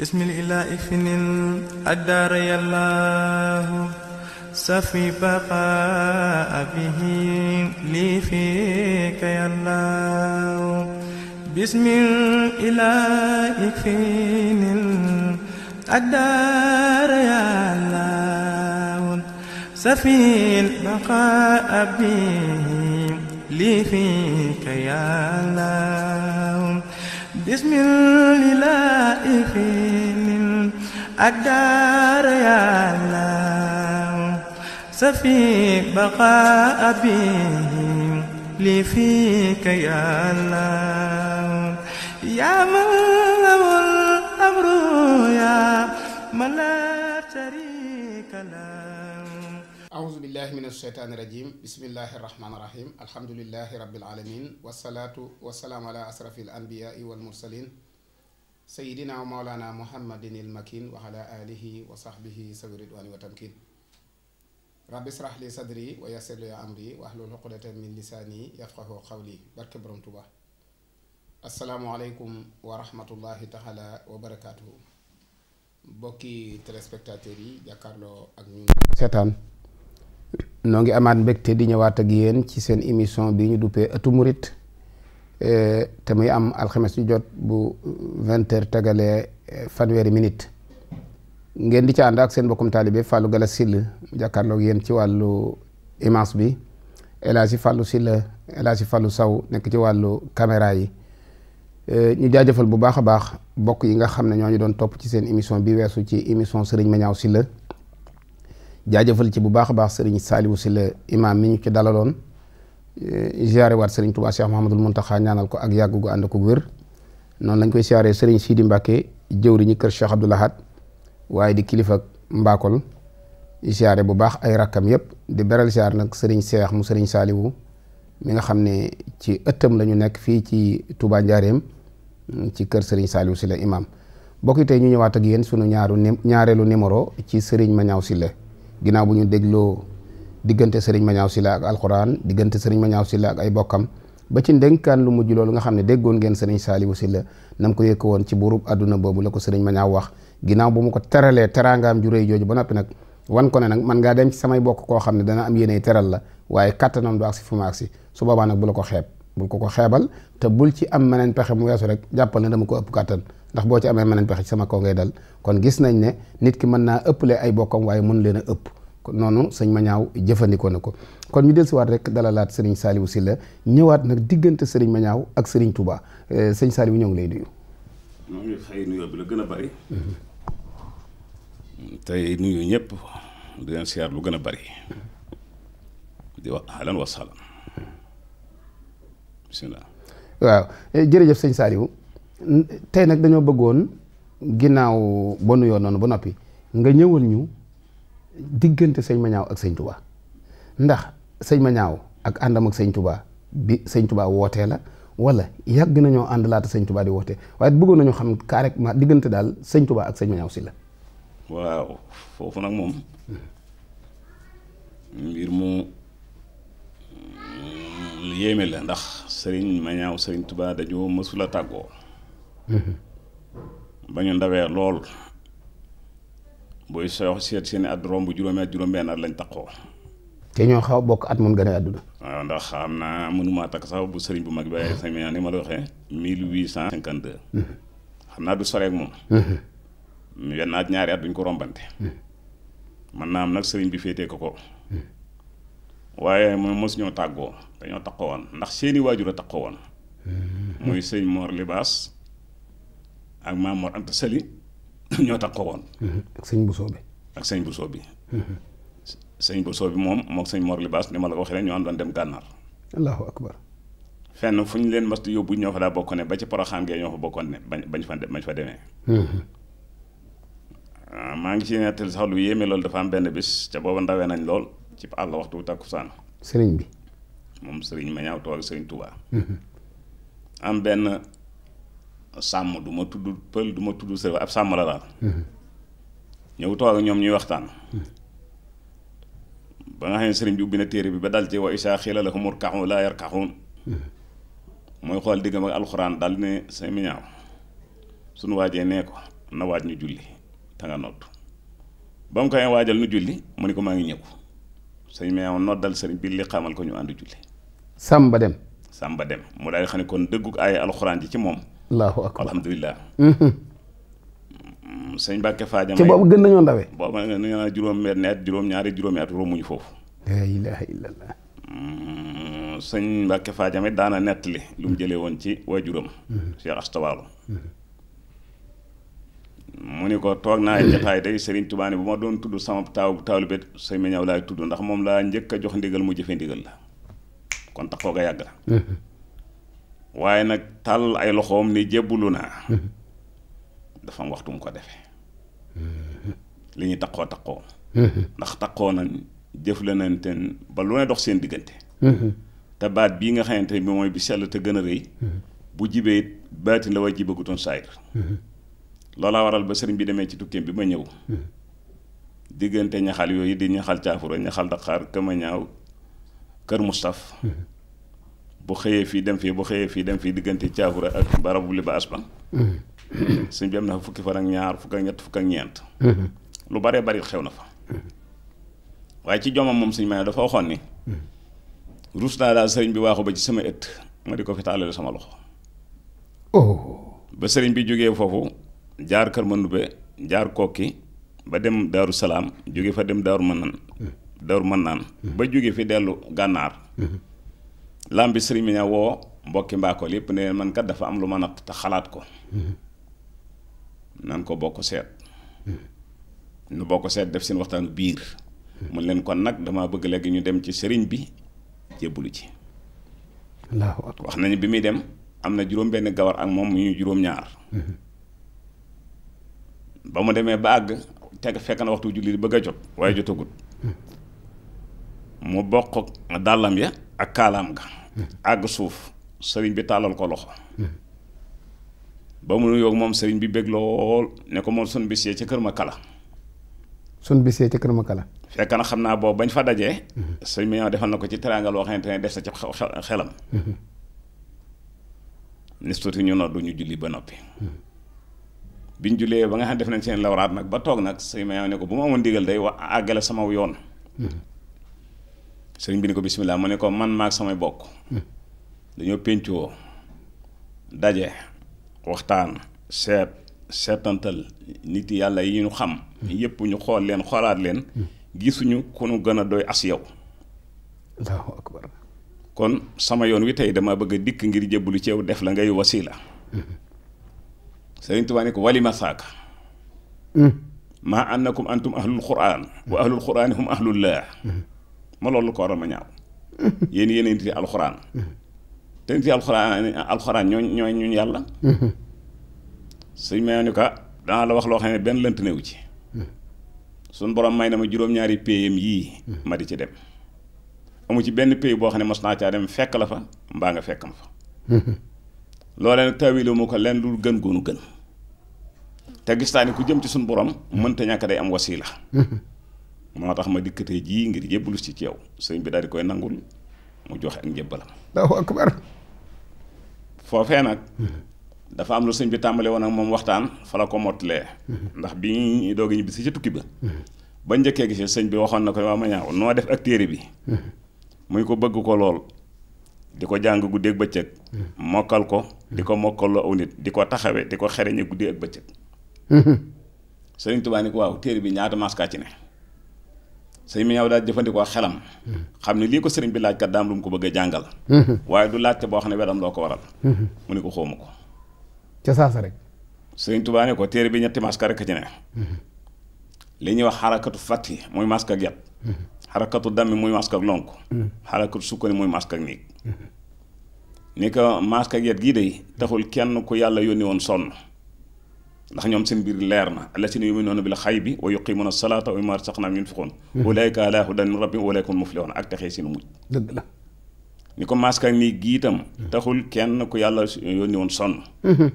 بسم الإله الأدار يا الله سفي بقاء به لي فيك يا الله بسم الإله الأدار يا الله سفي البقاء به لي فيك يا الله bismillahi finin الدار يا الله سفي بقاء به لي فيك يا الله يا من له الأمر يا من لا شريك أعوذ بالله من الشيطان الرجيم بسم الله الرحمن الرحيم الحمد لله رب العالمين والصلاة والسلام على أشرف الأنبياء والمرسلين سيدنا ومولانا محمد المكين وعلى آله وصحبه سوي الرضوان والتمكين رب اشرح لي صدري ويسر لي أمري واحلل عقدة من لساني يفقه قولي بارك برم توبا السلام عليكم ورحمة الله تعالى وبركاته بوكي تلسبكتاتيري جاكارلو أغنيو سيتان noo ngi amaat mbégte di ñëwaat ak yéen ci seen émission bi ñu duppee ëttu murit eh, te muy am alxames yu jot bu vingt heures tegalee eh, fanweeri minit ngeen di ci ànd ak seen mbokkum taalibe Fallou Galass Syll jàkkaarloog yéen ci wàllu image bi El Hadj Fallou Syll El Hadj Fallou Sow nekk ci wàllu caméra yi eh, ñu jaajëfal bu baax a baax bokk yi nga xam ne ñoo ñu doon topp ci seen émission bi weesu ci émission Serigne Maniaw Syll jaajëfal ci bu baax a baax sëriñ Saliou la imaam mi ñu ci dalaloon eh, ziare waat sëriñ Touba Cheikh Mouhamadul Mountakha ñaanal ko ak yàgg gu ànd ko wér noonu lañ koy ziare sëriñ Sidi Mbacke jëwriñu kër Cheikh Abdoul Ahad waaye di kilifa Mbakol ziare bu baax ay rakkam yëpp di beral ziare nag sëriñ Cheikh mu sëriñ Saliou mi nga xam ne ci ëttam lañu nekk fii ci Touba Njaareem ci kër sëriñ Saliou Sylla imaam mbokk yi ñu ñëwaat ak yéen sunu ñaaru ñaareelu numéro ci sëriñ Maniaw Sylla ginnaaw bu ñu dégloo diggante sëriñ Mañaaw Sylla ak alxuraan diggante sëriñ Mañaaw Sylla ak ay bokkam ba ci ndénkaan lu mujj loolu nga xam ne déggoon ngeen sëriñ Saaliwu Sylla nam ko yëkk woon ci buurub àdduna boobu la ko sëriñ Mañaaw wax ginnaaw bu mu ko teralee teraangaam ju réy jooju ba noppi nag wan ko ne nag man ngaa dem ci samay bokk koo xam ne dana am yéene teral la waaye kattanam du agsi fu ma agsi su boobaa nag bu la ko xeeb bul ko ko xeebal te bul ci am meneen pexe mu weesu rek jàppal ne dama ko ëpp kattan ndax boo ci amee meneen nañ pexe sama kaw ngay dal kon gis nañ ne nit ki mën naa ëpple ay bokkam waaye mën leen a ëpp noonu sëñ Mañaaw jëfandikoo na ko kon ñu dellusiwaat rek dalalaat sëriñ Saliou la ñëwaat nag diggante sëriñ Mañaaw ak sëriñ Touba eh, sëñ Saliou ñoo ngi lay nuyu. ñu xëy nuyoo a bari. Mm-hmm. lu gën a bari. di waaw eh, jërëjëf sëñ Saliou. tey nag dañoo bëggoon ginnaaw ba nuyoo noonu ba noppi nga ñëwal ñu diggante sëñ Mañaaw ak sëñ Touba ndax sëñ Mañaaw ak àndam ak sëñ Touba bi sëñ Touba wootee la wala yàgg nañoo ànd laata sëñ di wootee waaye bëggoon nañu xam carrément diggante daal sëñ Touba ak sëñ Mañaaw si la. waaw foofu nag moom mbir mu mm, yéeme la ndax sëriñ Mañaaw sëriñ tubaa dañoo mësula tàggoo. Mm-hmm. ba ñu ndawee lool booy soox seet seeni at romb juróomi at juróom-benn at lañ taxoo. te ñoo xaw bokk at mun gën a àdduna. waaw ndax xam naa mënumaa takk sax bu sëriñ bu mag bi ay sëriñ ma la waxee. mille huit cent cinquante mm-hmm. xam naa du soreek moom. Mm-hmm. wenn at ñaari at ko rombante. man naa am nag sëriñ bi féetee ko ko. waaye moom mos ñoo tàggoo dañoo ko taxawoon ndax seeni waajur a taxawoon. muy sëñ Mor Libaas. ak maam Mor Anta Sali ñoo tax ko woon. Mhm. ak sëñ Bousso bi. ak sëñ Bousso bi. Mhm. sëñ Bousso bi moom moog sëñ Mor Libaas ni ma la ko waxee rek ñoo doon dem gànnaar. allahu akbar. fenn fu ñu leen mast yóbbu ñoo fa daa bokkoon ne ba ci poroxaan gee ñoo fa bokkoon ne bañ bañ fa bañ fa demee. Mhm. Ah, maa ngi ci nettali sax lu yéeme loolu dafa am benn bis ca booba ndawee nañ lool ci àll waxtu wu takkusaan. sëriñ bi. moom sëriñ ma ñaaw toog sëriñ Touba. am benn. sàmm du ma tudd pël du ma tudd sër ab sàmm la daal mhm. ñëw toog ak ñoom ñuy waxtaan ba nga xam ne sëriñ bi ubbi na téere bi ba dal ci wa isaa xiila lahum urkaxu laa yarkaxuun mhm. mooy xool diggam ak alxuraan dal ne say miñaaw suñu waajee nee ko na waaj ñu julli te nga nodd ba mu koy waajal nu julli mu ne ko maa ngi ñëw sëñ miñaaw noddal sëriñ bi li xamal ko ñu ànd julli sàmba dem sàmba dem mu daal xam ne kon dëgguk ay alxuraan ji ci moom allahu akbar alhamdulilah. Mhm. Mm-hmm. sëñ Mbacke Fadiama ci boobu gën nañoo ndawe. boobu nag nee naa juróom-benn at juróom-ñaari juróomi at romuñu foofu. la ilaha illallah. Mm-hmm. sëñ Mbacke Fadiama daana nettali lu mu jëlee woon ci waajuram. Mhm. Cheikh Astawaalo. Mhm. mu ni ko toog naa jataay day Serigne Touba ne bu ma doon tudd sama taaw taalibe sëñ Meñaw laay tudd ndax moom laa njëkk a jox ndigal mu jëfe ndigal la kon tax koo ga yàgg la. waaye nag tàll ay loxoom ni jébbalu naa mm-hmm. dafa am waxtu mu ko defee mm-hmm. li ñuy taqoo taqoo mm-hmm. ndax taqoo nañ jëflante ba lu ne dox seen diggante te baat bii nga xamante bi mooy bi sell te gën a rëy bu jibee baatin la way ji bëggutoon saayir loolaa waral ba sëriñ bi demee ci tukkeem bi ba ñëw diggante ñaxal yooyu di ñaxal caafura ñaxal daqaar këma ñaaw kër mustaf bu xëyee fii dem fii bu xëyee fii dem fii diggante caafura ak barabu li ba asban mm-hmm. suñ bi na fa fukki fan ak ñaar fukk ak fukk ak ñeent mm-hmm. lu bare bari xew na fa mm-hmm. waaye ci jomam moom suñ ma ne dafa waxoon ni rus naa daal sëriñ bi waaxu ba ci sama ëtt ma di ko fi taalale sama loxo oh. ba sëriñ bi jógee foofu jaar kër Mandoumbe jaar kokki ba dem daaru salaam jóge fa dem daaru mën naan mën naan ba jóge fi dellu gànnaar làmbi sëriñ bi ne woo mbokki mbaakool yépp ne man kat dafa am lu ma natt te xalaat ko nan ko bokk seet nu bokk seet def seen waxtaan biir mun leen kon nag dama bëgg léegi ñu dem ci sëriñ bi jébbalu ci wax nañu bi muy dem am na juróom benn gawar ak moom mu ñu juróom ñaar ba mu demee ba àgg teg fekk na waxtu julli bëgg a jot waaye jotagut mu bokk dàllam ya ak kaalaam ga àgg suuf sëriñ bi tàllal ko loxo ba mu nuyoog moom sëriñ bi bég lool ne ko moom sun bisee ca kër ma kala sun bisee ca kër ma kala fekk na xam naa boobu bañ fa dajee mhm. sëriñ bi ñëw defal na ko ci teraanga loo xamante ne des na ci xelam mhm. ni suuti ñu noddu ñu julli ba noppi mhm. biñ jullee ba nga xam def nañ seen lawraat nag ba toog nag sëriñ bi ñëw ne ko bu ma amoon ndigal day wax àggale sama yoon sëriñ bi ni ko bisimilah mu ne ko man maag samay bokk hmm. dañoo péncoo daje waxtaan seet seetantal nit yàlla yi ñu xam hmm. yépp ñu xool leen xoolaat leen hmm. gisuñu ku nu gën a doy as yow kon sama yoon wi tey dama bëgg a dikk ngir jébbalu ci yow def la ngay wasila sëriñ Tuubaa ne ko walima saaka maa annakum antum ahlul quraan wa ahlul quraani hum ahlullah ma loolu ko waral ma ñaaw yéen yéen nit yi alxuraan te nit yi alxuraan alxuraan ñoo ñooy ñun yàlla suñ ma ni ka danaa la wax loo xam ne benn lënt newu ci suñ borom may na ma juróom-ñaari payam yii ma di ci dem amu ci benn pay boo xam ne mos naa caa dem fekk la fa mbaa nga fekk ma fa loolee nag taawilu mu ko leen lu gën goonu gën te gis naa ni ku jëm ci suñ borom mënta ñàkk day am wasiila moo tax ma dikkatee jii ngir jébbalu si ci yow sëñ bi daal koy nangul mu joxe ak njébbalam. Allahu nag. dafa am lu sëñ bi tàmbale woon ak moom waxtaan fa la ko mottalee. ndax bi ñu doog a ñibbisi ca tukki ba. ba njëkkee gisee sëñ bi waxoon na ko waa ma ñaaw noo def ak téere bi. muy ko bëgg ko lool. di ko jàng guddi ak bëccëg. mokkal ko di ko mokkal loo nit di ko taxawee di ko xereñe guddi ak bëccëg. sëriñ Tuubaa ni ko waaw téere bi ñaata maskaa ci ne. sëñ mi yow daal jëfandikoo xelam xam ne lii ko sëriñ bi laaj kat daam lu ko bëgg a jàngal waaye du laajte boo xam ne wetam loo ko waral mu ne ko xóomu ko ca saasa rek sëriñ Tuubaa ne ko téere bi ñetti maska rek ci ne li ñuy wax xarakatu fàtti muy maska ak yat xarakatu dammi muy maska ak lonk xarakatu sukkani muy maska ak niig ni ko maska ak yat gii day taxul kenn ku yàlla yónni woon sonn ndax ñoom seen mbir leer na la yuminuuna bil xaybi wa yuqimuuna salaata wa mimmaa razaqnaahum yunfiquun hmm. ulaayika alaa hudan min rabbihim wa ulaayika humul muflihuun ak texee seenu mujj dëgg la ni ko maska nii hmm. woon hmm.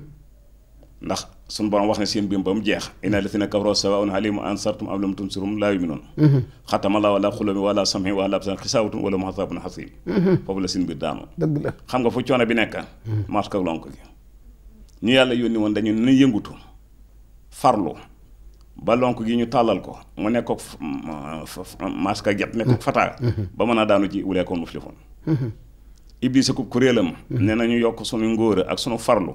ndax ne seen biir ba jeex inna allazina kafaroo sawaun alayhim ansartum am lam tunsirum laa yuminuun xatamallaahu alaa quluubihim wa alaa wa alaa absaarihim xisaawatun wa lahum bi nekk maska lonk gi ñu yàlla yónni woon dañu ne yëngutu farlu balonk gi ñu tàllal ko mu nekkook maska get nekkook fataa ba mën a daanu ci wulee ko muflihoon iblis ak kuréelam nee nañu yokk sunu ngóora ak sunu farlu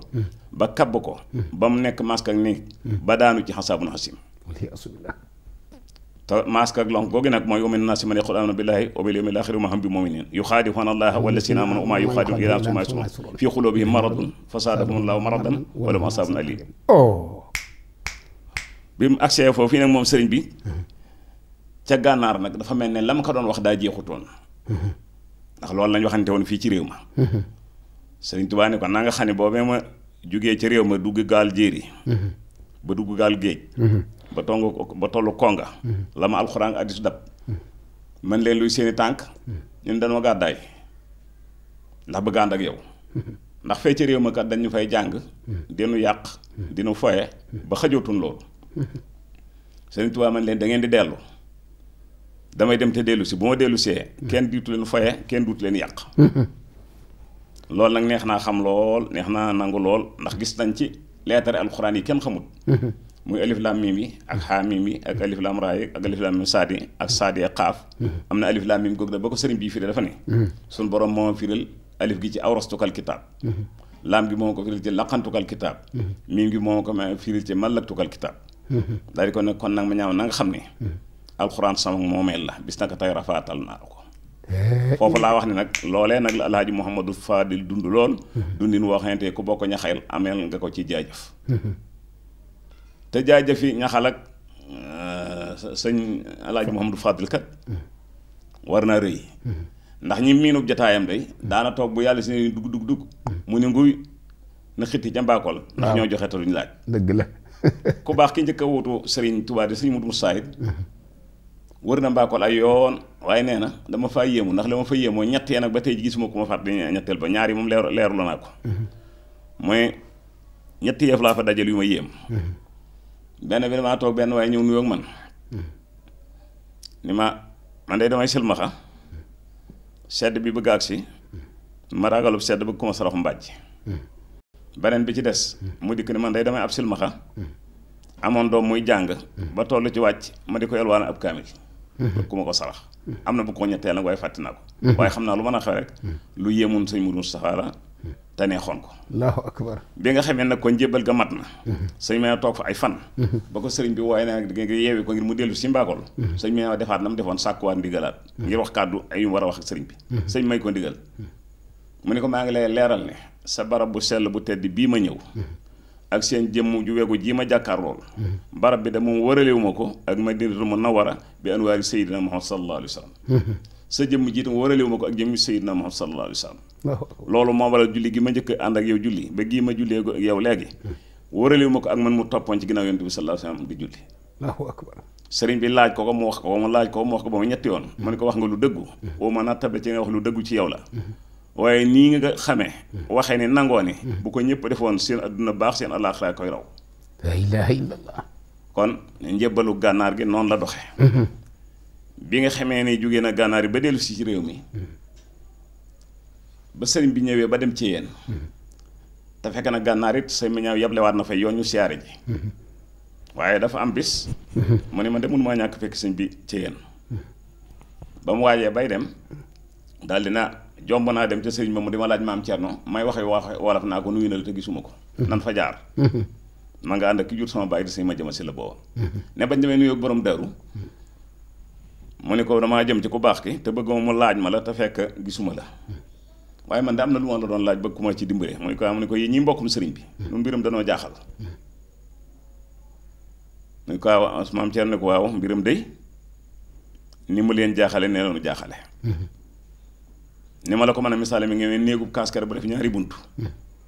ba kabb ko ba mu nekk maska ak néeg ba daanu ci xasaabun na te mask ak lonk googu nag mooy wa mina naasi man yaqulu aamanna billaahi wa bil yawmil aaxiri wa maa hum bi mu'miniin yuxaadi'uuna llaaha wallaziina aamanuu wa maa yuxaadi'uuna illaa anfusahum fii quluubihim maradun fazaadahumullaahu maradan wa lahum bi mu agsee foofu fii nag moom sëriñ bi ca gànnaar nag dafa mel ne la ma ko doon wax daa jeexutoon ndax loolu lañ waxante woon fii ci réew ma sëriñ Tuubaa ne ko naa xam ne boobee ma jógee ca réew ma dugg gaal jéeri ba dugg gaal géej ba tong ba tollu konga la ma alxuraan addis dab man leen luy seeni tànk ñun dañoo gàddaay ndax bëgg ak yow ndax fee ci réew ma kat dañu fay jàng dinu yàq dinu foye ba xajootuñ loolu sëriñ Tuubaa man leen dangeen di dellu damay dem te dellu si bu ma dellu see kenn duutu leen foye kenn duutu leen yàq loolu nag neex naa xam lool neex naa nangu lool ndax gis nañ ci leetare alxuraan yi kenn xamut muy alif lam mim yi ak xaa mim yi ak alif lam raa ak alif lam mim saadi ak saadi xaaf am na alif lam mim goog na ba ko sëriñ bii firé dafa ne suñ borom moom firil alif gi ci awrastukal kitaab laam gi moom ko firil ci laqantukal gi moom ko firil ci daal di ko ne kon nag ma ñaaw na nga xam ne hmm. alxuraan sama moomeel la bis naka tey rafaatal naa ko eh. foofu laa wax ni nag loolee nag la alhaaji Mouhamadou Fadil dund lool hmm. dundin woo xamante ku bokk ñaxeel ameel nga ko ci jaajëf hmm. te jaajëfi ñaxal ak euh, sëñ alhaaji Mouhamadou Fadil kat war naa rëy ndax ñi miinub jataayam day daana toog bu yàlla si ne dug dugg dugg mu ni nguy na xitti ca mbaakool ndax ñoo joxe te duñ laaj dëgg la ku baax ki njëkk a sëriñ Serigne yi di Serigne Modou Moussa wër na mbaakool ay yoon waaye nee na dama faa yéemu ndax la ma fa yéemoo ñett ya ba tey ji gisuma ku ma fàtte ñetteel ba ñaari moom leer leerlu naa ko ñetti yëf laa fa dajal yu ma yéem benn bi damaa toog benn waaye ñëw nuyoo ak man ni ma man de damay silmaxa sedd bi bëgg agsi ma ragalub sedd bëgg ku ma sarax mbàjj beneen bi ci des. mu dikk ni man day damay ab silmaxa amoon doom muy jàng. ba toll ci wàcc ma di ko yalwaan ab kaamil. ku ma ko sarax. am na bu ko ñetteel nag waaye fàtte naa ko. waaye xam naa lu mën a xew rek. lu yéemoon sëñ mu Moustapha la te neexoon ko. allahu bi nga xamee nag ko njébbal ga mat na. Mhm. sëñ Meew toog fa ay fan. Mhm. ba ko sëriñ bi waaye nag di nga yeewi ko ngir mu dellu si mbaakol. Mhm. sëñ Meew defaat na mu defoon sàkkuwaat ndigalaat. ngir wax kàddu ay war a sëriñ bi. sëñ may mu ne ko maa ngi lay leeral ne. sa barab bu sell bu tedd bii ma ñëw ak seen jëmm ju wegu jii ma jàkkaar lool barab bi de moom wëralewu ma ko ak madinatul munawwara bi anwaari sayyidina muhammad sallallahu alayhi wa sallam sa jëmm ji itam wëralewu ma ko ak jëmm sayyidina muhammad sallallahu alayhi wa sallam loolu moo waral julli gi ma njëkk ànd ak yow julli ba gii ma jullee ko yow léegi wëralewu ma ko ak man mu toppoon ci ginnaaw yonent bi sallallahu alayhi wa sallam di julli sëriñ bi laaj ko ko mu wax ko ba mu laaj ko mu wax ko ba mu ñetti yoon ma ne ko wax nga lu dëggu woo ma naa tabe ci nga wax lu dëggu ci yow la waaye nii nga xame hmm. waxee ne nangoo ne. Hmm. bu ko ñépp defoon seen adduna baax seen alaaxira koy raw. la ilaha illallah. kon njëbbalu gànnaar gi noonu la doxe hmm. bi nga xamee ni jóge na gànnaar yi ba dellu si ci réew mi. ba sëriñ bi ñëwee ba dem ci yéen. te fekk na gànnaar it sëñ bi yablewaat na fa yoon ñu siyaare ji. waaye dafa am bis. mu ne ma demul maa ñàkk fekk sëñ bi ci ba mu waajee bay dem daal dina jomb naa dem ca sëriñ ma mu di ma laaj maam Thierno may waxe wax wolof naa ko nuyu na la te gisuma ko mm-hmm. nan fa jaar mm-hmm. ma nga ànd ak ki jur sama bàyyi di sëñ ma jëma si la booba mm-hmm. ne bañ demee nuyoo borom daru mu ne ko damaa jëm ci ku baax ki te bëgg ma mu laaj ma la te fekk gisuma la waaye man da am na lu ma la doon laaj bëgg ku ma ci dimbale mu ne ko mu ne ko yéen ñi mbokkum sëriñ bi lu mbiram danoo jaaxal mu ne ko maam Thierno ne ko waaw mbiram day ni mu leen jaaxale ne loonu ni ma la ko mën a misaale mi ngi ne néegub kaaskar bu def ñaari bunt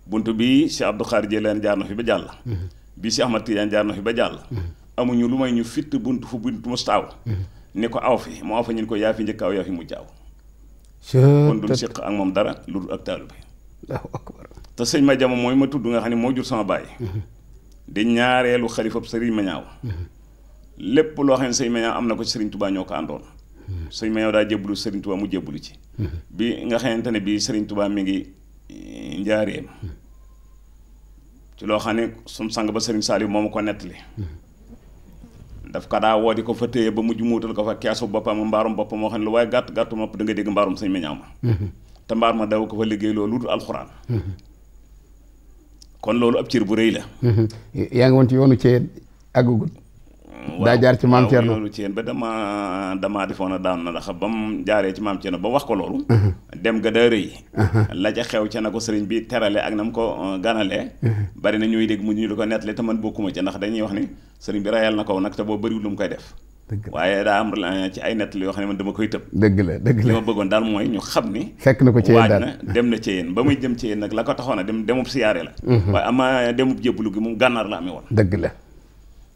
bunt bi si Abdou Khadre Jeylaani jaar na fi ba jàll bi si Ahmad Tidiane jaar na fi ba jàll amuñu lu may ñu fitt bunt fu bunt mustaaw ni ko aw fi mu aw fa ñun ko yaa njëkk aw yaa mu mujj kon duñ siq ak moom dara lu dul ak taalibe te sëñ ma jamo mooy ma tudd nga xam ne moo jur sama baay di ñaareelu xalifab sëriñ Mañaaw mhm. lépp loo xam ne sëriñ Mañaaw am na ko ci sëriñ Tubaa ñoo ko sëñ ma daa jébbalu sëriñ Touba mu jébbalu ci. bi nga xamante ne bii sëriñ tubaab mi ngi eh, njaareem. ci loo xam ne sunu sang ba sëriñ Saliou moom ko nettali. daf ka daa woo di ko fa téye ba mujj muutal ko fa keesu boppam mbaarum boppam moo xam ne lu waaye gàtt gàttu mopp da dégg mbaarum sëñ meñaaw ma te mbaar ma daw ko fa liggéey loolu lu alxuraan kon loolu ab cër bu rëy la yaa ngi woon ci yoonu cee àggugut daa jaar ci maam Thierno loolu ci yéen ba dama damaa defoon a daan na ndax ba mu jaaree ci maam Thierno ba wax ko loolu uh-huh. dem ga daa uh-huh. la ca xew ca ko sëriñ bi terale ak na mu ko uh, ganalee uh-huh. bari na ñuy dégg mu ñu di ko nettali te man bokkuma ci ndax dañuy wax ni sëriñ bi rayal na kaw nag te boo bëriwul lu mu koy def waaye daa am uh, ci ay nettali yoo xam ne dama koy tëb dëgg la dëgg la ma bëggoon daal mooy ñu xam ni fekk na ko ci yéen daal waaj dem na ci yéen ba muy jëm ci nag la ko taxoon a dem demub siyaare la waaye ama demub lu gi mu gànnaar la amee woon dëgg la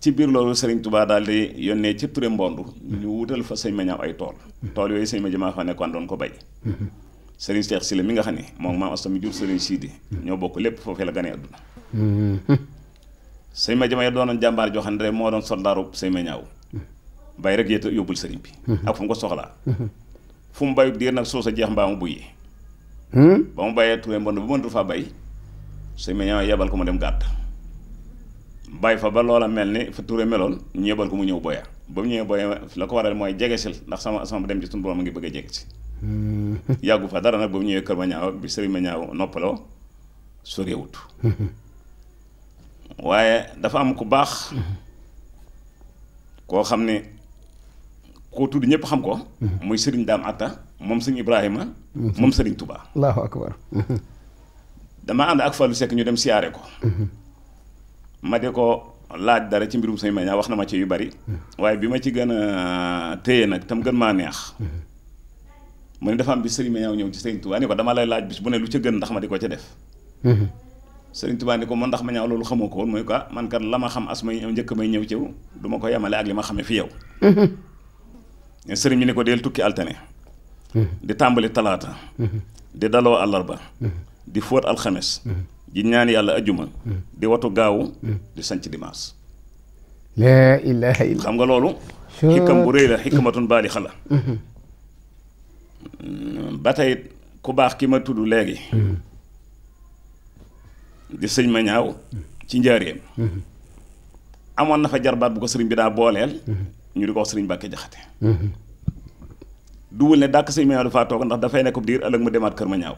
ci biir loolu Serigne tubaa daal di yónnee ci Touré Mbondu ñu wutal fa sëñ Mañaaw ay tool tool yooyu sëñ ma jëmaa fa nekkoon doon ko bay Serigne si Sylla mi nga xam ne moom maam Asta mi jur Serigne Sidi ñoo bokk lépp foofee la gane àdduna sëñ ma jëmaa doonoon jàmbaar joo moo doon soldaaru sëñ Mañaaw bay rek yéta yóbbul sëriñ bi ak fu mu ko soxlaa fu mu bayut diir nag soo sa jeex mbaa mu buyi hmm? ba mu bàyyee Touré Mbondu ba mënatu faa bay sëñ Mañaaw yebal ko mu bàyyi fa ba loola mel ni fa Touré meloon ñu yebal ko mu ñëw boya ba mu ñëwee boya la ko waral mooy jege sil ndax sama sama dem ci suñu borom a ngi bëgg a jege si hmm. yàggu fa dara nag ba mu ñëwee kër ma ñaaw bi sëriñ ma ñaaw noppaloo soreewut hmm. waaye dafa am ku baax hmm. koo xam ne koo tudd ñëpp xam ko muy sëriñ daam atta moom sëriñ ibrahima moom sëriñ tubaa allahu akbar ànd ak Fallou sekk ñu dem siyaare ko ma di ko laaj dara ci mbirum sëñ Maniang wax na ma ci yu bari waaye bi ma ci gën a euh, téye nag tam gën maa neex mu ne dafa am bis sëñ ñëw ci sëñ Touba ko dama lay laaj bis bu ne lu ca gën ndax ma di ko ca def sëriñ Touba ni ko man ndax ma ñaaw loolu xamoo ko woon mooy quoi ah, man kan la ma xam as may njëkk may ñëw ciw du ko yemale ak li ma xamee fi yaw sëriñ bi ni ko deel tukki altine. Mm-hmm. di tàmbali talaata. Mm-hmm. di daloo àllarba. Mm-hmm. di fóot alxames. ji ñaan yàlla ajjuma mm. di watu gaawu mm. di sanc dimanche laa xam nga loolu xikkam bu rëy la xikmatun baali xala mm-hmm. mm, ba tey ku baax ki ma tudd léegi di sëñ ma ñaaw ci njaareem mm-hmm. amoon na fa jarbaat bu ko sëriñ bi daa booleel mm-hmm. ñu di ko sëriñ Mbàkke Jaxate duwul ne dàkk sëñ ma ñaaw dafaa toog ndax dafay nekk diir ëllëg mu demaat kër ma ñaaw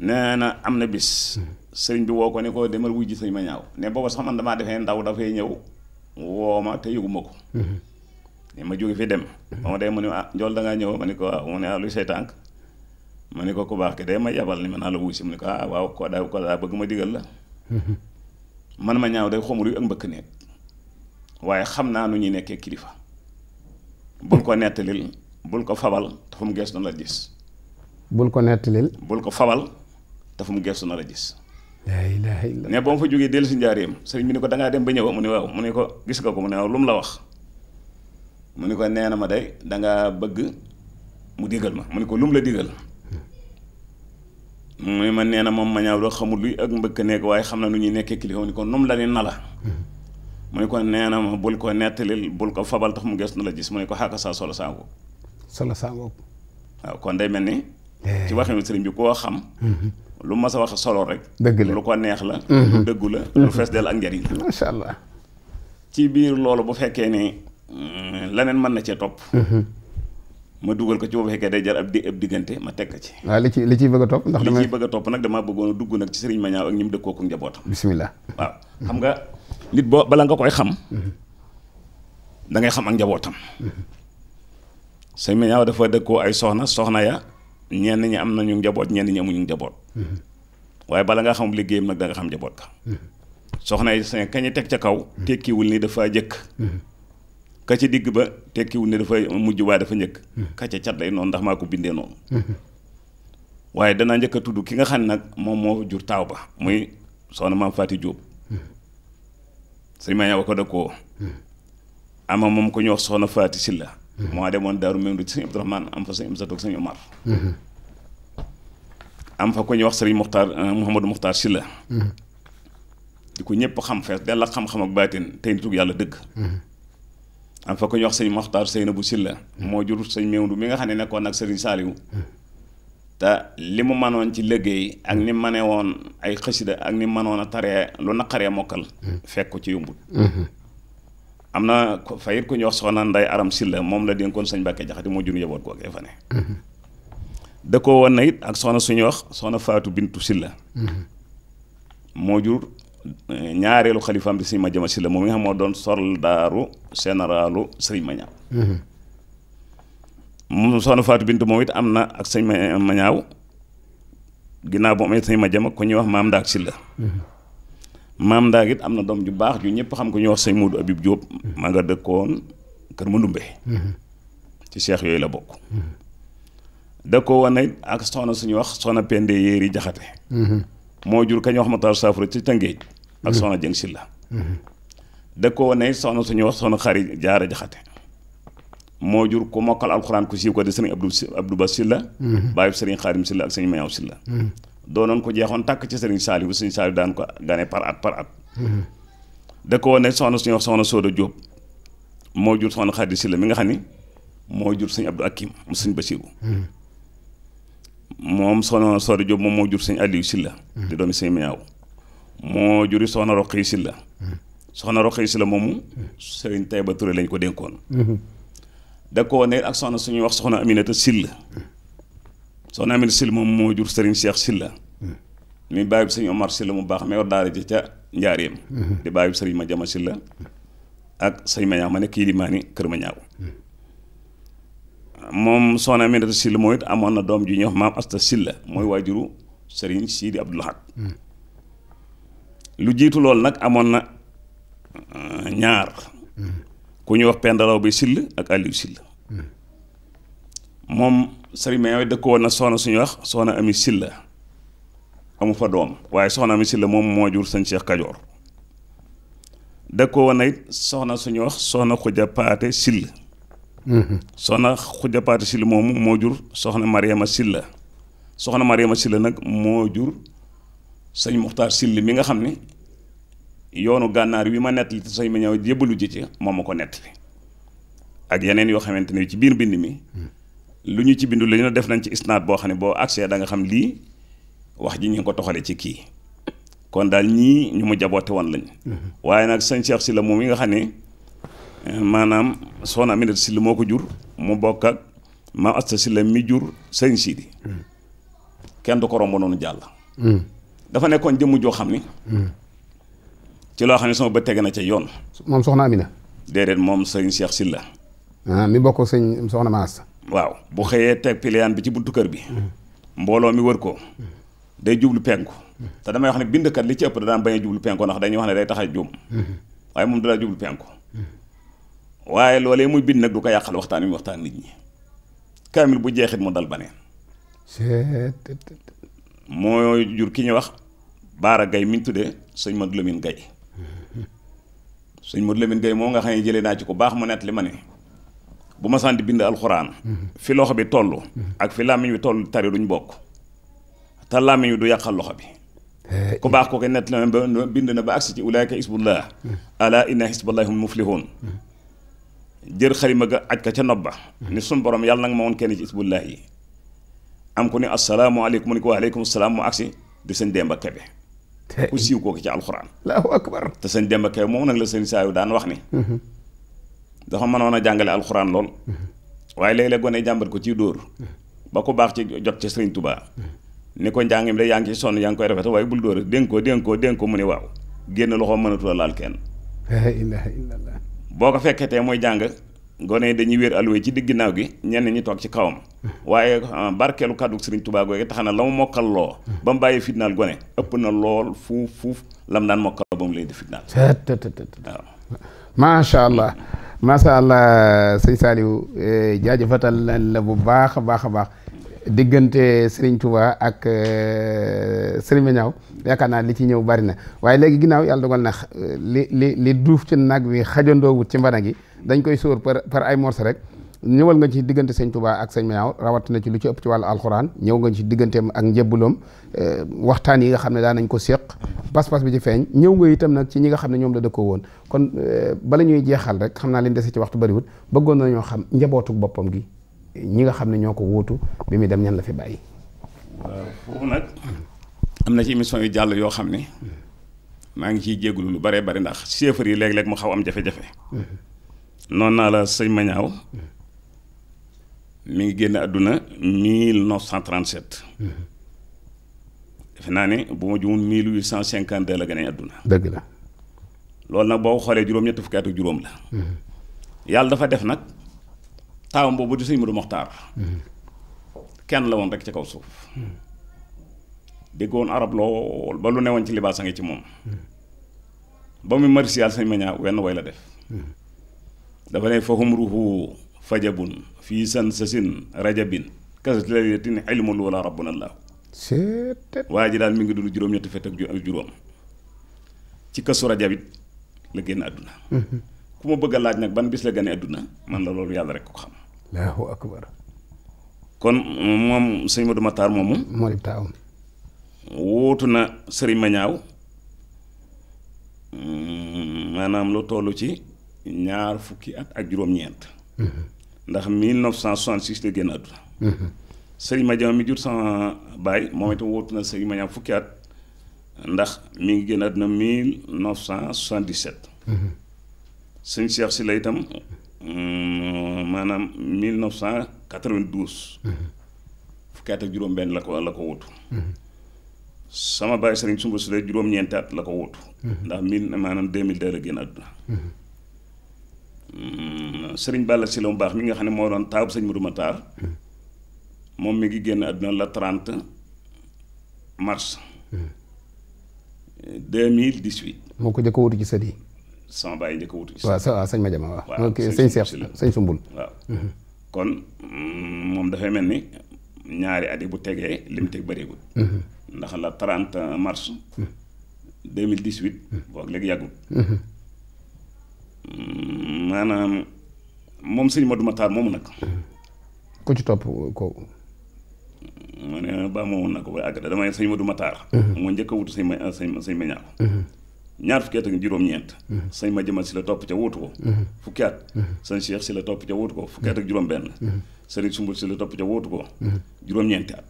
nee na am na bis mhm. sëriñ bi woo ko ne ko demal wuy ji sëñ ma ñaaw ne booba sax man damaa defee ndaw dafay ñëw woo ma te yëguma ko mhm. ne ma jóge fi dem mhm. ba ma dee mu ne ah njool da ma ne ko ah, ah ko baax ki day ma yabal ni ah, waaw ko daa bëgg ma digal la man ma ñaaw day xomul yu ak mbëkk nekk waaye xam naa nu ñuy nekkee kilifa bul ko nettalil bul ko fabal te fu mu gees doon la gis bul ko nettalil bul ko fabal te fu mu gersu na la gis laa ne ba fa jógee dellu si njaareem sëriñ bi ni ko dangaa dem ba ñëw mu ne waaw mu ne ko gis nga ko mu ne waaw lu mu la wax mu ne ko nee na ma day dangaa bëgg mu digal ma mu ne ko lu la digal mu ne ma nee na moom ma ñaaw doo xamul luy ak mbëkk nekk waaye xam na lu ñuy nekkee kilifa mu ne ko num la ni na la mm-hmm. mu ne ko nee na ma bul ko nettalil bul ko fabal tax mu gees na la gis mu ne ko xàkka saa solo sangoog solo sangoog waaw kon day mel ni eh. ci waxinu sëriñ bi koo xam mm-hmm. lu mas a wax solo rek. dëgg la lu ko neex la. Mhm. lu dëggu la. lu mhm. fees del ak njariñ la. macha allah. ci biir loolu bu fekkee ne mm, leneen mën na cee topp. Mhm. ma dugal ko ci bu fekkee day jar ab di ab diggante ma teg ko ci. waaw li ci li ciy bëgg a topp ndax. li ciy bëgg a topp nag damaa bëggoon a dugg nag ci Serigne Mañaaw ak ñi mu dëkkoo ko njabootam. bisimilah waaw xam nga nit boo bala nga koy xam. dangay xam ak njabootam. Serigne Mañaaw dafa dëkkoo ay soxna soxna ya. ñenn ñi am nañu njaboot ñenn ñi amuñu njaboot mm-hmm. waaye bala nga xam liggéeyam nag da nga xam njaboot ka mm-hmm. soxna yi seen kañu teg ca kaw mm-hmm. tekkiwul ni dafa jëkk ka digg ba tekkiwul ni dafa mujj waaye dafa njëkk ka ca cat lay noonu ndax maa ko bindee noonu waaye danaa njëkk a tudd ki nga xam nag moom moo jur taaw ba muy soxna maam Faati Jóob sëñ ma ñaaw ko da koo ama moom ko ñu wax soxna Faati Silla Mhm. moo demoon daaru Mewndu ci sëñ Abdourahmane am fa sëñ Amsatu ak sëñ Omar mhm. am fa ku ñuy wax sëriñ Muxtaar euh, Mouhamadou Muxtaar Silla mhm. di ko ñëpp xam fees dell ak xam-xam ak baatin tey nitug yàlla dëgg am fa ku ñuy wax sëñ Muxtaar Seynabu Silla moo jur sëñ Mewndu mi nga xam ne nekkoon ak sëriñ Saaliwu te li mu manoon ci liggéey ak ni mane woon ay xasida ak ni manoon a taree lu naqaree mokkal fekk ko ci yombul am na fayit ku ñuy wax soxna Nday Aram Silla moom la dénkoon sañ Mbàkke Jaxate moo jur njaboot ko ak ay fane dëkkoo woon na ak soxna suñuy wax soxna Faatu Bintu Silla mm-hmm. moo jur eh, ñaareelu xalifaam di sëñ ma jëma Silla moom doon soldaaru sénéralu sëriñ ma ñaaw moom mm-hmm. soxna Faatu Bintu moom it am na ak sëñ ma ñaaw ginnaaw bu amee sëñ ma jëma ku ñuy wax maam ndaak Silla mm-hmm. maam ndaa it am na doom ju baax ju ñëpp xam ko ñu wax sëñ Modou Abib Diop ma nga dëkkoon Kër Mandumbe ci seex yooyu la bokk dëkkoo woon ak soxna suñu wax soxna Pende Yéeri Jaxate moo jur kañu wax Matar Saafara ci Tëngéej ak soxna Jëng Silla woon soxna suñu wax soxna Xari Jaara Jaxate moo jur ku mokkal alxuraan ku siiw ko di sëriñ Abdou Abdou Ba Silla mm-hmm. sëriñ Xaarim Silla ak sëñ Mayaw Silla doonoon ko jeexoon tàkk ci saali Saliou sëriñ Saliou daan ko gane par at par at. Mhm. da ko woon ne soxna suñu wax soxna Soda Diop moo jur soxna Khady Sylla mi nga xam ni moo jur sëñ Abdou Akim mu sëñ Bassirou. Mhm. moom soxna Soda moom moo jur sëñ Aliou Sylla. Mhm. di doomi sëñ Miaw moo juri soxna Roqi Sylla. soxna Roqi Sylla moomu. sëriñ Taïba Touré lañ ko dénkoon. da ko ne ak soxna suñu wax soxna Aminata Sylla. soxna Amady Sylla moom moo jur Serigne Cheikh Sylla hmm. mi bàyyi bi sëñ Omar Sylla mu baax ma yor daara ji ca Njaareem hmm. di bàyyi bi sëriñ ma jama Sylla ak sëñ ma ñaaw ma ne kii di maani kër ma ñaaw hmm. moom soxna Aminata Sylla mooy it amoon na doom ju ñuy wax maam Asta Sylla mooy waajuru Serigne sii Abdoul Ahad lu jiitu loolu nag amoon na euh, ñaar ku ñuy wax Penda Law bi Sylla ak Aliou Sylla moom sëriñ Meewe dëkk na soxna suñu wax soxna Ami Silla amu fa doom waaye soxna Ami Silla moom moo jur sëñ Cheikh Kajoor dëkk woon na soxna suñu wax soxna Xuja Paate Silla mhm. soxna Xuja Paate Silla moomu moo jur soxna Mariama Silla soxna Mariama Silla nag moo jur sëñ Muxtaar Silla mi nga xam ne yoonu gànnaar wi ma nettali te sëñ ma ñëw jébbalu ji moom ma ko nettali ak yeneen yoo xamante ne ci biir mbind mi mhm. lu ñu ci bindu li ñu def nañ ci isnaad boo xam ne boo accès da nga xam lii wax ji ñu ngi ko toxalee ci kii kon daal ñii ñu mu jaboote woon lañ mhm. waaye nag sëñ Cheikh Sylla moom yi nga xam ne maanaam soxna Aminata Sylla moo ko jur mu bokk ak maam mi jur sëñ Sidi mhm. kenn du ko romb noonu jàll mhm. dafa nekkoon jëmm joo xam ni loo xam ne sama ba teg na ca yoon moom soxna Amina déedéet moom sëñ Cheikh Sylla ah, mi bokk sëñ soxna Maas waaw bu xëyee teg piliyaan bi ci buntu kër bi mbooloo mi wër ko day jublu penku te damay wax ne bindkat li ci ëpp da daan bañ jublu penku ndax dañuy wax ne day tax a juum waaye moom dalaa jublu penku waaye loolee muy bind nag du ko yàqal waxtaan wi waxtaan nit ñi kaamil bu jeexit mu dal baneen mooy jur ki ñuy wax Baara Gaye mi ñu tuddee sëñ Modou Lamine Gaye sëñ Modou Lamine Gaye moom nga xam ne jëlee naa ci ko baax mu nett li ma ne bu ma sant bind alxuraan. Mhm. fi loxo bi toll. Mhm. ak fi làmmiñ bi toll tari duñ bokk. te làmmiñ bi du yàqal loxo bi. Eh, ku baax kooku nett na ba bind na ba agsi ci ulaayka isbullah mhm. ala inna hisballahi hum muflihun jër xarima ga aj ka ca nopp ba ni sun borom yàlla nag ma woon kenn ci isbullah yi am ku ni asalaamaaleykum mu ni ko waaleykum salaam mu agsi di sëñ Demba Kebe ku siiw kooku ci alxuraan allahu akbar te sëñ Demba Kebe moom nag la sëñ saayu daan wax ni dafa mënoon a jàngale alxuraan lool waaye léeg-léeg gone jàmbat ko ci dóor ba ko baax ci jot ci sëriñ tubaa ni ko njàng mi de yaa ngi sonn yaa ngi koy rafet waaye bul dóor dénk ko dénk ko dénk ko mu ne waaw génn loxo mënatula laal kenn boo ko fekkee te mooy jàng gone yi dañuy wér alluwa ci di ginnaaw gi ñenn ñi toog ci kawam waaye ah, barkeelu kàddu sëriñ Tuubaa googu tax na la mu mokkal loo ba mu bàyyi fitnaal gone ëpp na lool fuuf fuuf lam daan mokkal ba mu leen di macha allah sëñ Saliou eh, jaajëfatal nañ la bu baax a baax a baax diggante Serigne Touba ak eh, Serigne Ñaaw yaakaar naa li ci ñëw bari na waaye léegi ginnaaw yàlla dogal na eh, li li li duuf ci nag wi xajandoowut ci mbana gi dañ koy sóor par par ay morceaux rek. ñëwal nga ci diggante sëñ Touba ak sëñ Mayaw rawatina ci lu ci ëpp ci wàllu alxuraan ñëw nga ci digganteem ak njëbbuloom eh, waxtaan yi nga xam ne daan nañ ko séq pas-pas bi ci feeñ ñëw nga itam nag ci ñi nga xam ne ñoom la dëkkoo woon kon eh, bala ñuy jeexal rek naa leen dese ci waxtu bariwut bëggoon nañoo xam njabootuk boppam gi ñi nga xam ne ñoo ko wuutu bi muy dem ñan la fi bàyyi. foofu nag am na ci émission yu jàll yoo xam ne maa ngi ciy jégalu lu baree bari ndax chauffeur yi léeg-léeg mu xaw am jafe-jafe. Mm-hmm. noonu naa la sëñ Mañaaw mi ngi génn àdduna 1937. defe naa ne bu ma juumul 1852 la gane àdduna. dëgg la. loolu nag boo xoolee juróom-ñett fukki at ak juróom la. yàlla dafa def nag taawam boobu di sëñ Modou Mokhtar. kenn la woon rek ci kaw suuf. déggoon arab lool ba lu newoon ci libaasa ngi ci moom. ba muy marsiyaal sëñ Maña wenn way la def. dafa ne fahum ruhu fajabun fii san sa sin rajabin kasati la tin ilmul wala rabbuna allah waa ji daal mi ngi dund juróom-ñetti fet ak juróom ci kasu rajabit la génn àdduna mhm. ku ma bëgg a laaj nag ban bis la gane àdduna man la loolu yàlla rek ko xam allahu kon moom sëñ Modou Matar moomu moo di na sëriñ Mañaaw mm, maanaam lu tollu ci ñaar fukki at ak juróom-ñeent mhm. ndax 1966 la génn àdduna mm-hmm. sëriñ Madiama mi jur sama baay moom itam wóotu na sëriñ Madiama fukki at ndax mi ngi génn àdduna 1977 mm-hmm. sëñ Cheikh si la itam mm, maanaam 1992 mm-hmm. fukki at ak juróom-benn la ko la ko wóotu sama baay sëriñ Sumba si la juróom-ñeenti at la ko wóotu ndax mille maanaam 2002 la génn àdduna Mm, sëriñ Balla Sylla mu baax mi nga xam ne moo doon sañ sëñ Mourou Matar moom mi ngi génn àdduna la 30 mars. 2018. moo ko njëkk a ci sët yi. sama bàyyi njëkk sa sëñ Madiama waaw. waaw sëñ Seex sëñ Sumbul waaw. Mhm. kon mm, moom dafay mel ni ñaari at bu tegee lim teg bëreegul. Mhm. ndax la 30 mars. 2018. Mhm. boog léegi yàggul. maanaam moom sëñ Modou Matar moomu nag. ku ci ko ma ne ba moomu nag ba àgg damay sëñ Modou Matar. Mhm. moo njëkk a wutu sëñ ma sëñ sëñ Meñaaw. ñaar fukki at ak juróom-ñeent. Mhm. sëñ ma jëmal si la topp ca wuutu ko. Mhm. fukki at. sëñ Cheikh si la topp ca wuutu ko fukki at ak juróom-benn. sëriñ Sumbul si la topp ca wuutu ko. juróom-ñeenti at.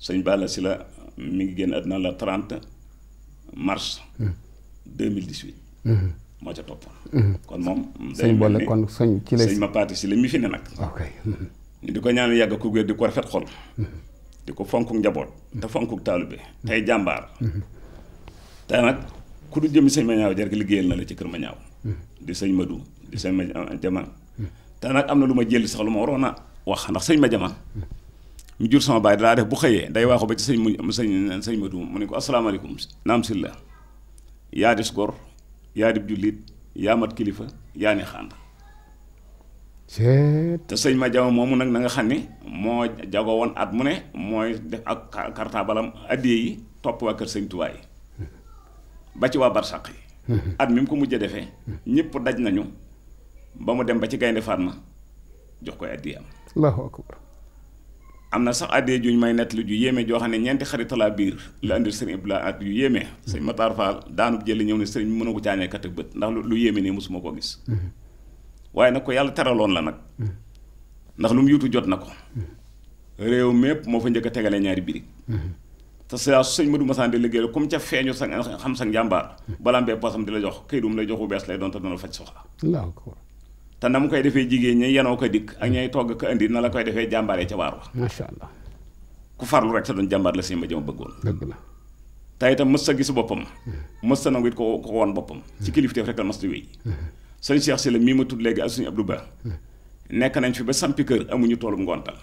sëñ Balla si la mi ngi génn àddina la 30 mars. 2018. moo ca topp. Mhm. kon moom. day boole kon sëñ ci lay sëñ ma paati si la mi fi ne nag. ok mhm. di ko ñaanal yàgg ku wér di ko rafet xol. Mhm. di ko fonk njaboot. te fonk taalibe tey jàmbaar. te nag ku du jëm sëñ ma ñaaw jarg liggéeyal na la ci kër ma ñaaw. di sëñ Madu di sëñ ma jama te nag am na lu ma jël sax lu ma waroon a wax ndax sëñ ma jama mu jur sama baay daa def bu xëyee day waaxu ba ci sëñ mu sëñ sëñ Madu mu ne ko asalaamaaleykum naam si la yaa dis yaa dib jullit yaa mat kilifa yaa ne xànd te sëñ ma jama moomu nag na nga xam ni moo jago woon at mu ne mooy def ak kartaabalam addee yi topp waa kër sëñ Tuubaa ba ci waa barsàq yi at mi mu ko mujj defee ñëpp daj nañu ba mu dem ba ci gaynde Fatma jox koy addiyam allahu am na sax addee juñ may nettali ju yéeme joo xam ne ñeenti xaritalaa biir la indil sëriñ Ibla at yu yéeme sëñ Matar Fall daanu jëli ñëw ne sëriñ bi mëna ko caañee kat bët ndax lu yéeme ne mosuma koo gis mm-hmm. waaye nag ko yàlla teraloon la nag mm-hmm. ndax lu mu yuutu jot na ko mm-hmm. réew mépp moo fa njëkk a tegalee ñaari birig te saa su sëñ Madou Massane di liggéeyal comme ca feeñu sa xam sa njàmbaar balaa mbee xam di la jox këyit mu la jox bu bees lay doon te faj soxla te na mu koy defee jigéen ñi yenoo ko dikk ak ñay togg ko indi na la koy defee jàmbaaree ca waar wa allah ku farlu rek te doon jàmbaar la sëñ ba jëm bëggoon dëgg la te itam mës sa gis boppam mm. mës sa nangu it ko ko woon boppam mm. ci kilifteef rek la mës di wéy mm. sëñ Cheikh si la mii ma tudd léegi ak suñu Abdou Ba nekk nañ fi ba sampi kër amuñu toolum ngontal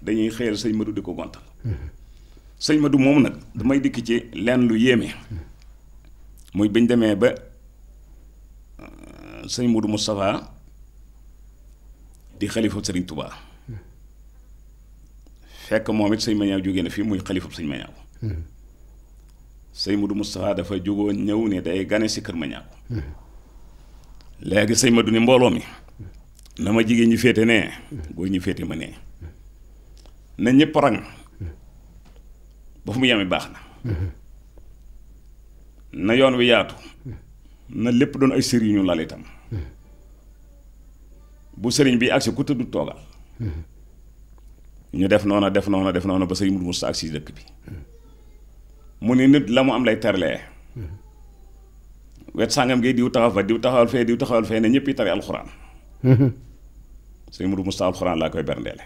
dañuy xëyal sëñ Madou di ko gontal sëñ Madou moom nag damay dikk ci lenn lu yéeme muy biñ demee ba euh, sëñ Modou Moustapha di xalifa sëriñ Touba fekk moom it sëñ Mañaaw jóge na fii muy xalifa sëñ ma Mañaaw sëñ Mudu Moustapha dafa jógoon ñëw ne day gane si kër Mañaaw léegi sëñ Madu ni mbooloo mi na ma jigéen ñi féete ne góor ñi féete ma ne na ñëpp rang ba fu mu yemee baax na na yoon wi yaatu na lépp doon ay sër yu lal itam bu sëriñ bi agsi ku tëdd toogal ñu def noona def noona def noona ba sëriñ Mourou Moussa agsi dëkk bi mu ne nit la mu am lay terle wet sàngam ngay diw taxaw fa diw taxawal fee diw taxawal fee ne ñëpp tari alxuraan sëriñ Mourou Moussa alxuraan laa koy berndeele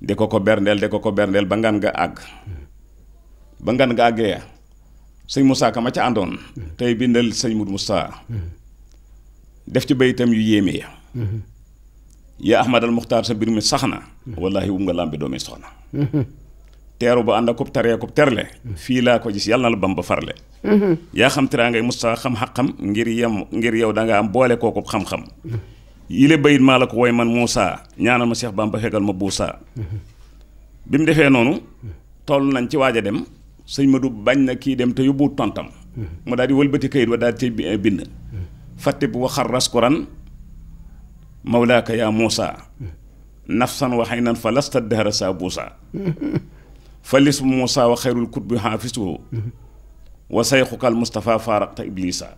di ko ko berndeel di ko ko berndeel ba ngan nga àgg ba ngan nga àggee sëñ Moussa ka ma ca àndoon tey bindal sëñ Mourou Moussa def ci bayitam yu yéeme ya yaa ahmadal muxtaar sa mbir mi sax na wallaahi wum nga làmbi doomi soxna teeru ba ànd ak kob taree kob terle fii laa ko gis yàlla na la bam ba farle yaa xam tiraa ngay musta xam xaqam ngir yem ngir yow dangaa am boole kooku xam-xam yile bayit maa la ko woy man Moussa ñaanal ma Cheikh Bamba fegal ma Boussa bi mu defee noonu toll nañ ci waaj a dem sëñ Madou bañ na kii dem te yóbbuwut tontam mu daal di wëlbati kayit wa daal di cay bind fàtte bu waxar raskuran mawlaaka yaa muusa nafsan waxay nan fa lasta dahra saa buusa fa lis muusa wa xayrul kutbi xaafisuhu wa sayxukal mustapha faaraqta iblisa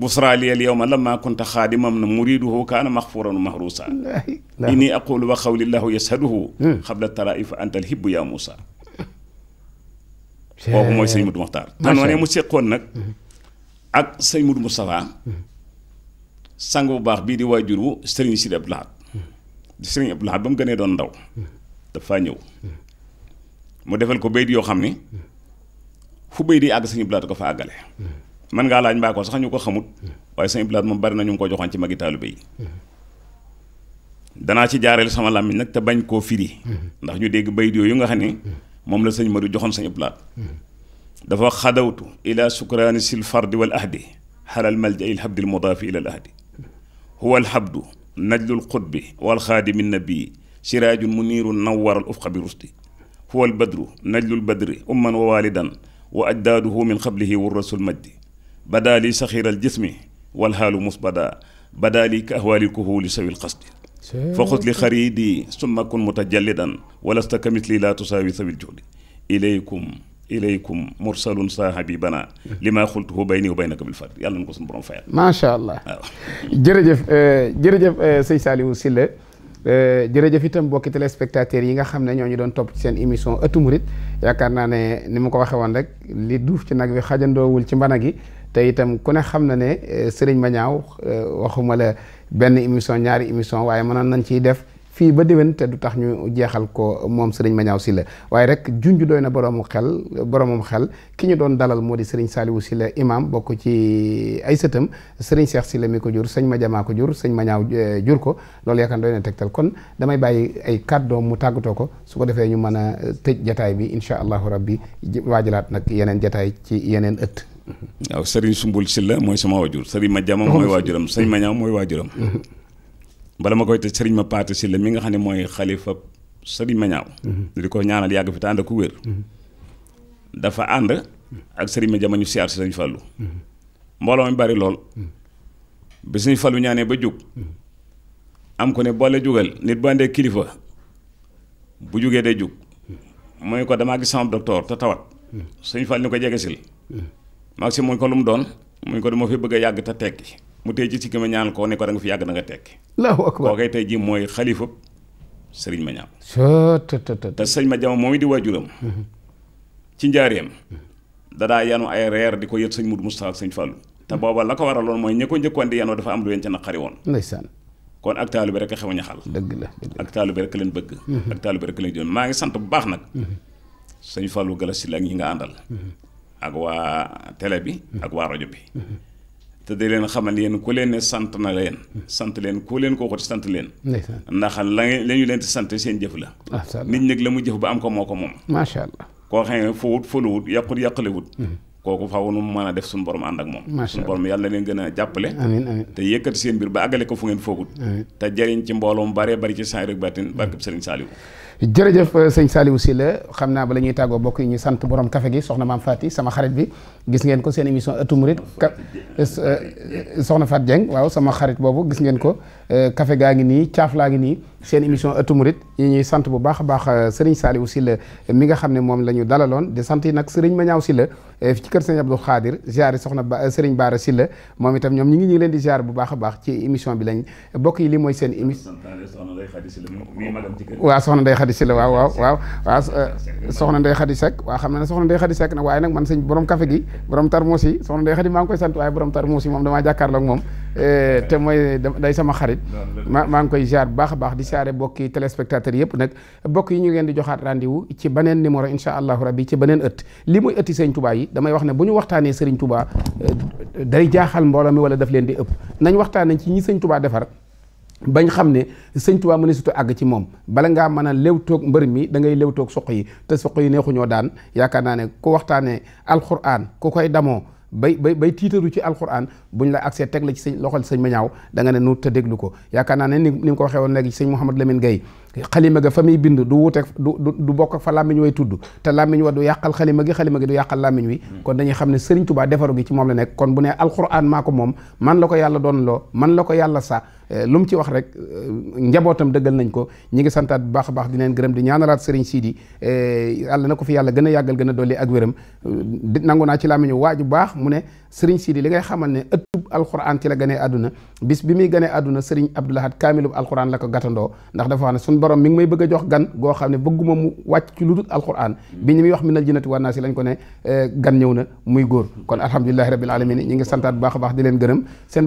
busra liyal yowma lamma kunta xaadimam na muriduhu kaana maxfuran mahrusa inni aqulu wa xawlillahu yashaduhu xabla hmm. taraif antal hibbu yaa muusa kooku mooy sëñ Mudu Muxtaar tanoonee mu séqoon nag hmm. ak sëñ Mudu Mustafaa hmm. sang bu baax bii di waajur wu Serigne Sidi Abdou Lahad Serigne Abdou Lahad ba mu gënee doon ndaw dafa ñëw mu defal ko bayit yoo xam ni fu bayit yi àgg Serigne Abdou ko fa àggale man ngaa laaj mbaa sax ñu ko xamut waaye Serigne Abdou moom bari na ñu ngi ko joxoon ci magi taalibe ci jaareel sama làmmiñ nag te bañ koo firi ndax ñu dégg bayit yooyu nga xam ni moom la sëñ Madu joxoon Serigne Abdou Lahad dafa xadawtu ila sukraani sil fardi wal ahdi xalal malja habdil mudaafi ila ahdi huwa alhabdu najlul qutbi wal xaadimi nabii siraajun muniirun nawwaral ufqa bi rusdi huwa albadru najlul badri umman wa waalidan wa ajdaaduhu min qablihi wa rasul majdi badaali saxiiral jismi wal xaalu musbada badaali ka ahwaali kuhuuli sawil qasdi فخذ لي خريدي ثم كن متجلدا ولست كمثلي لا تساوي ثوي الجهد إليكم ilaykum mursalun saa habibana li maa xultuhu bayni wa baynaka bay fard yàlla na ko suñu borom fayal. macha allah waaw. jërëjëf euh, jërëjëf euh, sëñ Saliou Sylla euh, jërëjëf itam mbokki téléspectateurs yi nga xam ne ñoo ñu doon topp ci seen émission Ëttu yaakaar naa ne ko waxee woon rek li duuf ci nag wi xajandoowul ci mbana gi te itam ku ne xam na ne Serigne Mañaaw waxuma la benn émission ñaari émission waaye mënoon nañ ciy def. fii ba déwén te du tax ñu jeexal ko moom sëriñ Mañaaw Sylla waaye rek junj doy na boroomu xel boroomum xel ki ñu doon dalal moo di sëriñ Saliou Sylla imam bokk ci ay sëtam sëriñ Cheikh Sylla mi ko jur sëñ Madiama ko jur sëñ Mañaaw eh, jur ko loolu yaakaar doy na tegtal kon damay bàyyi ay kàddoom mu tàggatoo ko su ko defee ñu mën a eh, tëj jataay bi incha allahu rabbi waajalaat nag yeneen jataay ci yeneen ëtt waaw sëriñ Sumbul Sylla mooy sama waajur sëriñ Madiama mooy waajuram sëñ Mañaaw mooy waajuram bala ma koy tëj sëriñ ma paate si mi nga xam ne mooy xalifa sëriñ ma ñaaw mhm. di ko ñaanal yàgg fi te ànd ak wér mhm. dafa ànd ak sëriñ ma jama ñu siyaar si sëriñ Fallou mhm. mbooloo mi bari lool bi sëriñ Fallou ñaanee ba jóg am ko ne boole jógal nit bu kilifa bu jógee day jóg mooy ko damaa gis sama docteur te tawat sëriñ Fallou ni ko jege sil maximum ko lu mu doon mu ko dama fi bëgg a yàgg te tekki mu tey ci si ki ma ñaan ko ne ko nga fi yàgg da nga tekki allahu akbar koo koy tey ji mooy xalifa sëriñ ma ñaan te sëriñ ma jama moom it di waajuram mm-hmm. ci njaareem dadaa yanu ay reer di ko yët sëñ Mudu Mustafa ak sëñ Fàllu te mm-hmm. booba la ko waral loon mooy ñi ko di yanoo dafa am lu leen ca naqari woon ndeysaan kon ak taalibe rek xew ñaxal dëgg la ak taalibe rek leen bëgg mm-hmm. ak bi rek leen joon maa ngi sant bu baax nag sëñ Fàllu Galaas Si la ak ñi nga àndal ak bi ak waa rajo bi te di leen xamal yéen ku leen ne sant na leen. sant leen ku leen ko waxati sant leen. ndax la ngeen leen di sant seen jëf la. nit ñi la mu jëf ba am ko moo ko moom. macha allah koo xam ne fowut foluwut yàqut yàqalewut. Mm-hmm. kooku faaw nu mën a def suñu borom ànd ak moom. suñu borom yàlla leen gën a jàppale. amiin amiin te yëkkati seen mbir ba àggale ko fu ngeen foogut. te jariñ ci mbooloo mu baree bari ci saa rek baatin barkeb Sëriñ Saaliw jërëjëf euh, sëñ Saliou la xam naa ba la ñuy tàggoo bokk yi ñu sant borom kafe gi soxna maam Fati sama xarit bi gis ngeen ko seen émission Ëttu Murid euh, euh, soxna Fat Dieng waaw sama xarit boobu gis ngeen ko café gaa ngi nii caaf laa ngi nii seen émission Ëttu Murid ñuy sant bu baax a baax sëriñ Saliou la mi nga xam ne moom la ñu dalaloon di sant yi nag sëriñ Mañaaw la Eh, ci kër sëñ Abdou Khadir ziar soxna ba eh, Serigne Bara Sylla moom itam ñoom ñu ngi ñu leen di jaar bu baax a baax ci émission bi lañ bokk yi lii mooy seen émission waa soxna Ndeye Khady Sylla waaw waaw waaw waaw eh, soxna Ndeye Khady Seck waaw xam na ne soxna Ndeye Khady Seck nag waaye nag man sëñ borom kafe gi borom tarmos yi soxna Ndeye Khady maa ngi koy sant waaye borom tarmos yi moom damaa jàkkaarloo ak moom te mooy day sama xarit ma maa ngi koy jaar bu baax a baax di ziare bokki téléspectateurs yëpp nag bokk yi ñu ngi di joxaat rendez-vous ci beneen numéro incha allahu rabbi ci beneen ëtt li mooy ëtti sëñ Tuubaa yi damay wax ne bu ñu waxtaanee Serigne Touba euh, day jaaxal mboola mi wala daf leen di ëpp nañ waxtaanee ci ñi Serigne Touba defar bañ xam ne Serigne Touba mën a sutu àgg ci moom bala ngaa mën a léwtoog mbër mi da ngay léwtoog soq yi te soq yi neexuñoo daan yaakaar naa ne ku waxtaanee alxuraan ku koy damoo. bay bay bay tiitaru ci bu ñu la accès teg la ci sëñ loxol sëñ Mañaaw da nga ne nu te déglu ko yaakaar naa ne ni ni nga ko waxee woon léegi sëñ Mouhamed Lamine Gaye xalima ga fa muy bind du wuuteeg du du bokk fa làmmiñ way tudd te làmmiñ wa du yàqal xalima gi xalima gi du yàqal làmmiñ wi mm. kon dañuy xam ne sëriñ Tuubaa defaru gi ci moom la nekk kon bu ne alquran maa ko moom man la ko yàlla doon loo man la ko yàlla sa Euh, lu mu ci wax rek euh, njabootam dëggal nañ ko ñi ngi santaat bu baax baax di leen gërëm di ñaanalaat sëriñ Sidi euh, yàlla na ko fi yàlla gën a yàggal gën a dolli ak wéram nangu naa ci laa meñu waaju baax mu ne sëriñ Sidi li ngay xamal ne ëttub alxuraan ci la gënee àdduna bis bi muy gënee àdduna sëriñ Abdoulahad kaamilub alxuraan la ko gàttandoo ndax dafa wax ne suñu borom mi ngi may bëgg a jox gan goo xam ne bëgguma mu wàcc ci lu dul alxuraan bi ñu muy wax minal jinnati wan naasi na muy góor kon alhamdulilahi rabbil alamin a baax di leen gërëm seen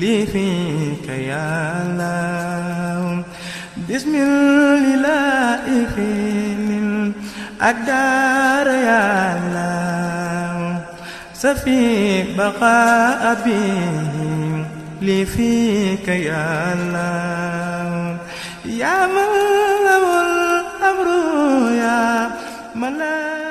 lii fiika yaa laahum bismillaahi fiinin ak daara yaa laahum safi baqaa abihim lii fiika yaa laahum yaa man lahul amru yaa man